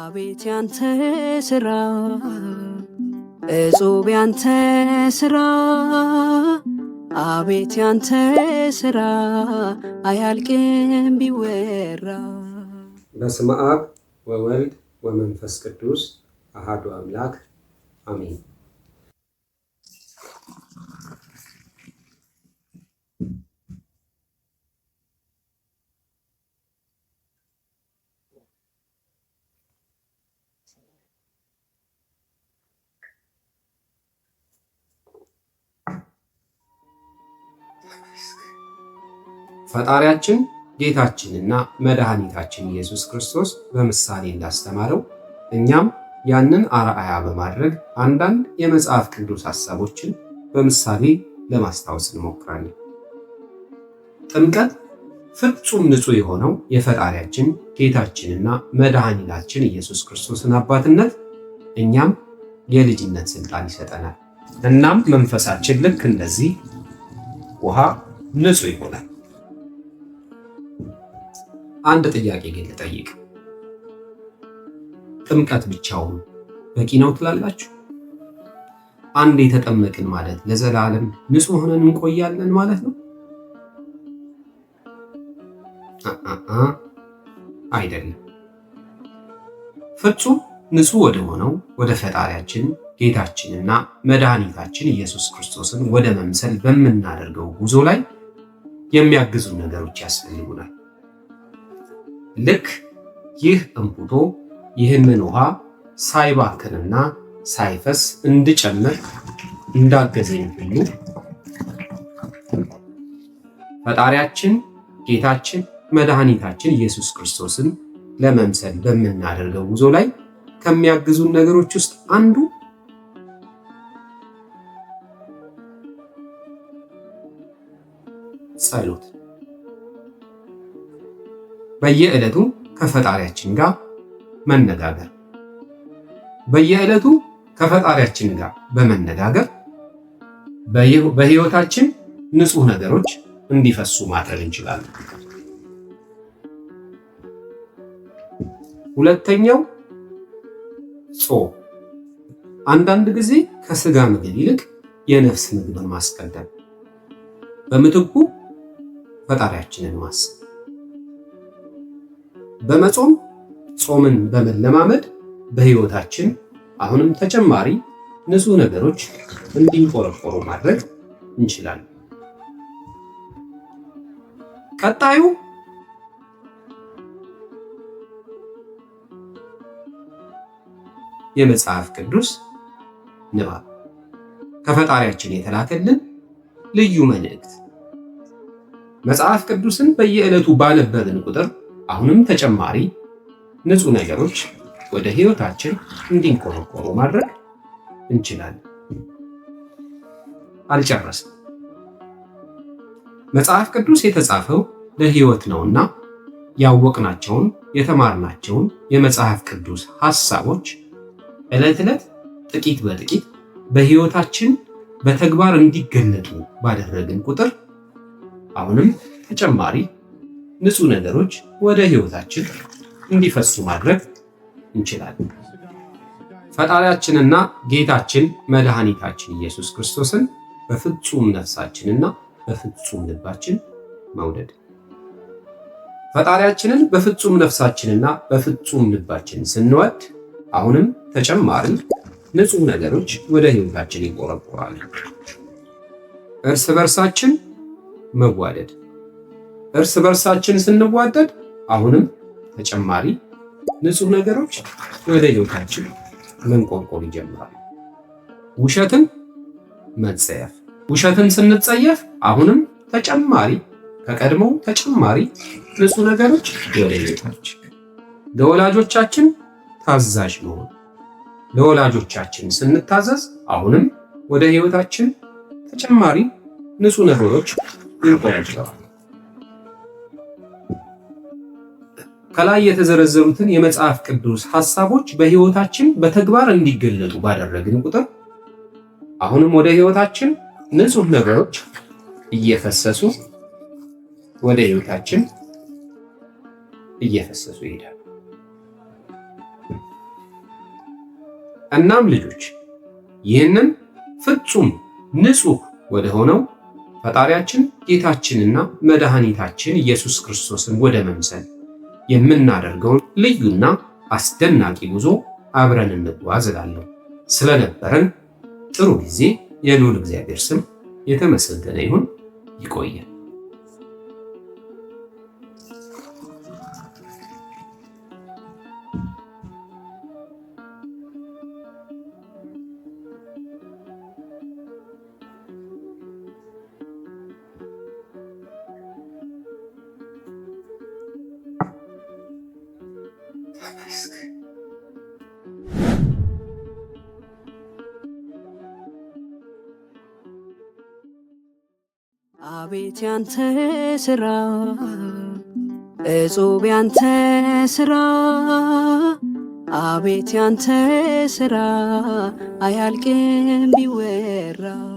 አቤት ያንተ ስራ እጹብ ያንተ ስራ አቤት ያንተ ስራ አያልቅም ቢወራ። በስመ አብ ወወልድ ወመንፈስ ቅዱስ አሃዱ አምላክ አሜን። ፈጣሪያችን ጌታችንና መድኃኒታችን ኢየሱስ ክርስቶስ በምሳሌ እንዳስተማረው እኛም ያንን አርአያ በማድረግ አንዳንድ የመጽሐፍ ቅዱስ ሐሳቦችን በምሳሌ ለማስታወስ እንሞክራለን። ጥምቀት ፍጹም ንጹሕ የሆነው የፈጣሪያችን ጌታችንና መድኃኒታችን ኢየሱስ ክርስቶስን አባትነት እኛም የልጅነት ስልጣን ይሰጠናል። እናም መንፈሳችን ልክ እንደዚህ ውሃ ንጹሕ ይሆናል። አንድ ጥያቄ ግን ልጠይቅ። ጥምቀት ብቻውን በቂ ነው ትላላችሁ? አንድ የተጠመቅን ማለት ለዘላለም ንጹህ ሆነን እንቆያለን ማለት ነው? አይደለም። ፍጹም ንጹህ ወደ ሆነው ወደ ፈጣሪያችን ጌታችንና መድኃኒታችን ኢየሱስ ክርስቶስን ወደ መምሰል በምናደርገው ጉዞ ላይ የሚያግዙን ነገሮች ያስፈልጉናል። ልክ ይህ እንቡቶ ይህንን ውሃ ሳይባክንና ሳይፈስ እንድጨምር እንዳገዘኝ ሁሉ ፈጣሪያችን ጌታችን መድኃኒታችን ኢየሱስ ክርስቶስን ለመምሰል በምናደርገው ጉዞ ላይ ከሚያግዙን ነገሮች ውስጥ አንዱ ጸሎት በየዕለቱ ከፈጣሪያችን ጋር መነጋገር በየዕለቱ ከፈጣሪያችን ጋር በመነጋገር በህይወታችን ንጹህ ነገሮች እንዲፈሱ ማድረግ እንችላለን። ሁለተኛው ጾ አንዳንድ ጊዜ ከስጋ ምግብ ይልቅ የነፍስ ምግብን ማስቀደም፣ በምትኩ ፈጣሪያችንን ማሰብ በመጾም ጾምን በመለማመድ በህይወታችን አሁንም ተጨማሪ ንጹህ ነገሮች እንዲንቆረቆሩ ማድረግ እንችላለን። ቀጣዩ የመጽሐፍ ቅዱስ ንባብ ከፈጣሪያችን የተላከልን ልዩ መልእክት። መጽሐፍ ቅዱስን በየዕለቱ ባነበብን ቁጥር አሁንም ተጨማሪ ንጹህ ነገሮች ወደ ህይወታችን እንዲንቆረቆሩ ማድረግ እንችላለን። አልጨረስም። መጽሐፍ ቅዱስ የተጻፈው ለህይወት ነውና ያወቅናቸውን የተማርናቸውን የመጽሐፍ ቅዱስ ሐሳቦች ዕለት ዕለት ጥቂት በጥቂት በህይወታችን በተግባር እንዲገለጡ ባደረግን ቁጥር አሁንም ተጨማሪ ንጹህ ነገሮች ወደ ህይወታችን እንዲፈሱ ማድረግ እንችላለን። ፈጣሪያችንና ጌታችን መድኃኒታችን ኢየሱስ ክርስቶስን በፍጹም ነፍሳችንና በፍጹም ልባችን መውደድ ፈጣሪያችንን በፍጹም ነፍሳችንና በፍጹም ልባችን ስንወድ አሁንም ተጨማሪ ንጹህ ነገሮች ወደ ህይወታችን ይቆረቆራል። እርስ በርሳችን መዋደድ እርስ በርሳችን ስንዋደድ አሁንም ተጨማሪ ንጹህ ነገሮች ወደ ህይወታችን መንቆርቆር ይጀምራል። ውሸትን መጸየፍ። ውሸትን ስንጸየፍ አሁንም ተጨማሪ ከቀድሞው ተጨማሪ ንጹህ ነገሮች ወደ ህይወታችን። ለወላጆቻችን ታዛዥ መሆን። ለወላጆቻችን ስንታዘዝ አሁንም ወደ ህይወታችን ተጨማሪ ንጹህ ነገሮች ይንቆረቆራል። ከላይ የተዘረዘሩትን የመጽሐፍ ቅዱስ ሐሳቦች በሕይወታችን በተግባር እንዲገለጡ ባደረግን ቁጥር አሁንም ወደ ሕይወታችን ንጹህ ነገሮች እየፈሰሱ ወደ ሕይወታችን እየፈሰሱ ይሄዳል። እናም ልጆች ይህንን ፍጹም ንጹህ ወደ ሆነው ፈጣሪያችን ጌታችንና መድኃኒታችን ኢየሱስ ክርስቶስን ወደ መምሰል የምናደርገውን ልዩና አስደናቂ ጉዞ አብረን እንጓዝ እላለሁ። ስለነበረን ጥሩ ጊዜ የልዑል እግዚአብሔር ስም የተመሰገነ ይሁን። ይቆያል። Ask. አቤት ያንተ ስራ እጹብ ያንተ ስራ አቤት ያንተ ስራ አያልቅም ቢወራ